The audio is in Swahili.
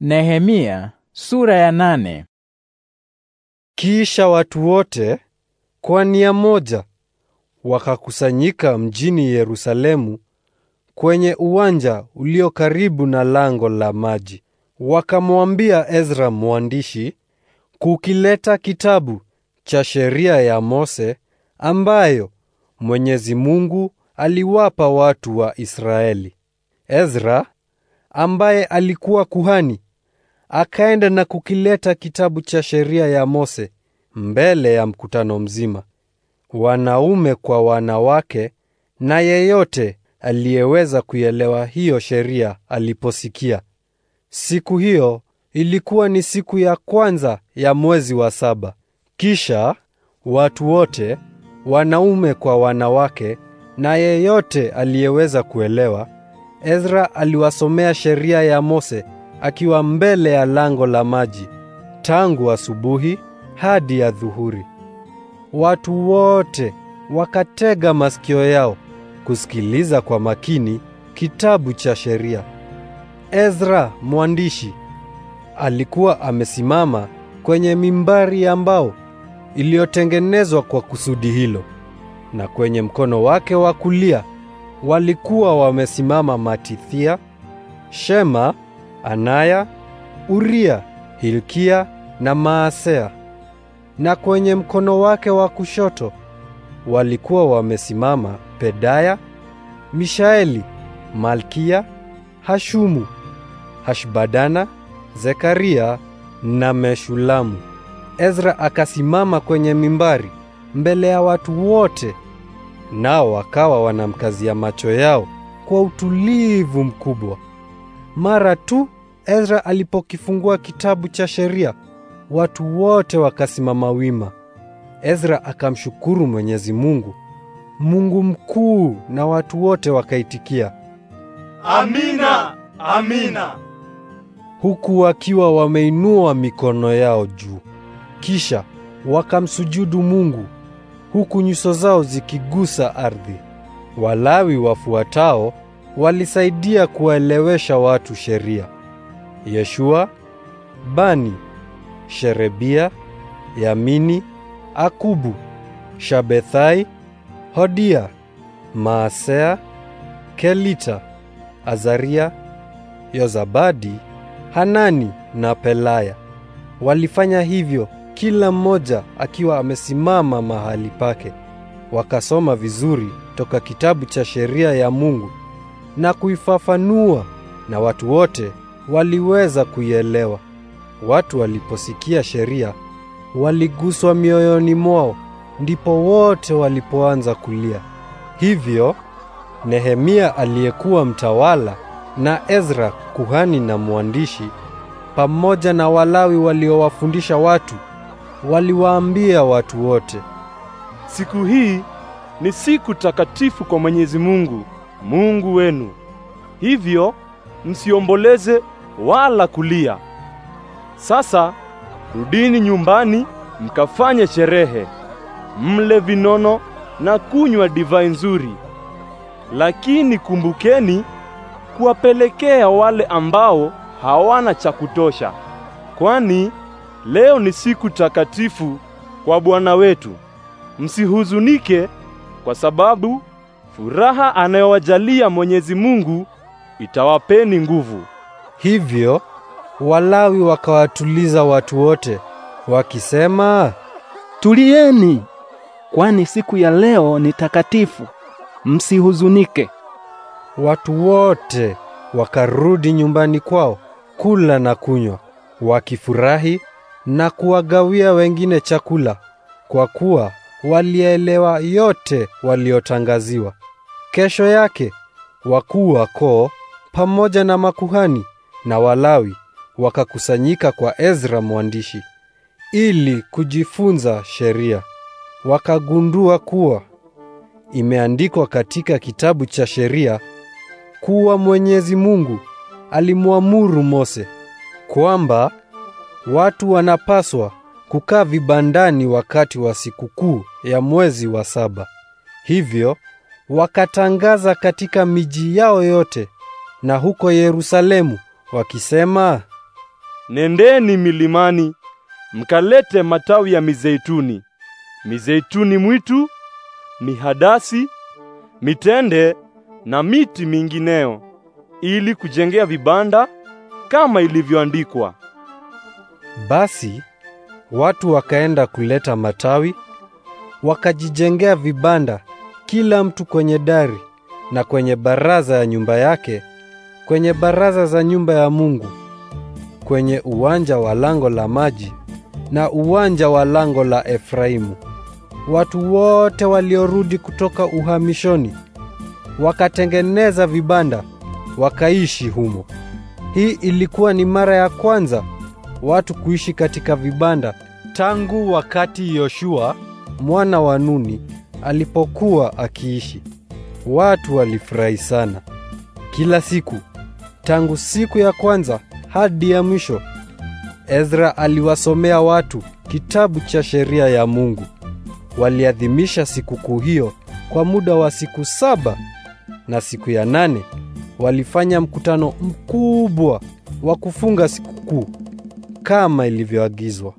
Nehemia sura ya nane. Kisha watu wote kwa nia moja wakakusanyika mjini Yerusalemu kwenye uwanja ulio karibu na lango la maji. Wakamwambia Ezra mwandishi kukileta kitabu cha sheria ya Mose ambayo Mwenyezi Mungu aliwapa watu wa Israeli. Ezra ambaye alikuwa kuhani akaenda na kukileta kitabu cha sheria ya Mose mbele ya mkutano mzima, wanaume kwa wanawake, na yeyote aliyeweza kuielewa hiyo sheria aliposikia. Siku hiyo ilikuwa ni siku ya kwanza ya mwezi wa saba. Kisha watu wote, wanaume kwa wanawake, na yeyote aliyeweza kuelewa, Ezra aliwasomea sheria ya Mose akiwa mbele ya lango la maji tangu asubuhi hadi ya dhuhuri. Watu wote wakatega masikio yao kusikiliza kwa makini kitabu cha sheria. Ezra mwandishi alikuwa amesimama kwenye mimbari ya mbao iliyotengenezwa kwa kusudi hilo, na kwenye mkono wake wa kulia walikuwa wamesimama Matithia, Shema Anaya, Uria, Hilkia na Maasea, na kwenye mkono wake wa kushoto walikuwa wamesimama Pedaya, Mishaeli, Malkia, Hashumu, Hashbadana, Zekaria na Meshulamu. Ezra akasimama kwenye mimbari mbele ya watu wote, nao wakawa wanamkazia macho yao kwa utulivu mkubwa. Mara tu Ezra alipokifungua kitabu cha sheria, watu wote wakasimama wima. Ezra akamshukuru Mwenyezi Mungu, Mungu mkuu, na watu wote wakaitikia amina, amina, huku wakiwa wameinua mikono yao juu. Kisha wakamsujudu Mungu huku nyuso zao zikigusa ardhi. Walawi wafuatao walisaidia kuwaelewesha watu sheria. Yeshua, Bani, Sherebia, Yamini, Akubu, Shabethai, Hodia, Maasea, Kelita, Azaria, Yozabadi, Hanani na Pelaya. Walifanya hivyo kila mmoja akiwa amesimama mahali pake. Wakasoma vizuri toka kitabu cha sheria ya Mungu na kuifafanua, na watu wote waliweza kuielewa. Watu waliposikia sheria waliguswa mioyoni mwao, ndipo wote walipoanza kulia. Hivyo Nehemia aliyekuwa mtawala na Ezra kuhani na mwandishi pamoja na Walawi waliowafundisha watu waliwaambia watu wote, siku hii ni siku takatifu kwa Mwenyezi Mungu. Mungu wenu. Hivyo msiomboleze wala kulia. Sasa rudini nyumbani mkafanye sherehe, mle vinono na kunywa divai nzuri. Lakini kumbukeni kuwapelekea wale ambao hawana cha kutosha, kwani leo ni siku takatifu kwa Bwana wetu. Msihuzunike kwa sababu Furaha anayowajalia Mwenyezi Mungu itawapeni nguvu. Hivyo Walawi wakawatuliza watu wote wakisema, tulieni, kwani siku ya leo ni takatifu, msihuzunike. Watu wote wakarudi nyumbani kwao kula na kunywa, wakifurahi na kuwagawia wengine chakula, kwa kuwa walielewa yote waliotangaziwa. Kesho yake wakuu wa koo pamoja na makuhani na Walawi wakakusanyika kwa Ezra mwandishi ili kujifunza sheria. Wakagundua kuwa imeandikwa katika kitabu cha sheria kuwa Mwenyezi Mungu alimwamuru Mose kwamba watu wanapaswa kukaa vibandani wakati wa sikukuu ya mwezi wa saba. Hivyo wakatangaza katika miji yao yote na huko Yerusalemu wakisema, nendeni milimani mkalete matawi ya mizeituni, mizeituni mwitu, mihadasi, mitende na miti mingineo, ili kujengea vibanda kama ilivyoandikwa. Basi Watu wakaenda kuleta matawi, wakajijengea vibanda, kila mtu kwenye dari na kwenye baraza ya nyumba yake, kwenye baraza za nyumba ya Mungu, kwenye uwanja wa lango la maji na uwanja wa lango la Efraimu. Watu wote waliorudi kutoka uhamishoni wakatengeneza vibanda wakaishi humo. Hii ilikuwa ni mara ya kwanza watu kuishi katika vibanda tangu wakati Yoshua mwana wa Nuni alipokuwa akiishi. Watu walifurahi sana. Kila siku tangu siku ya kwanza hadi ya mwisho, Ezra aliwasomea watu kitabu cha sheria ya Mungu. Waliadhimisha sikukuu hiyo kwa muda wa siku saba, na siku ya nane walifanya mkutano mkubwa wa kufunga sikukuu kama ilivyoagizwa.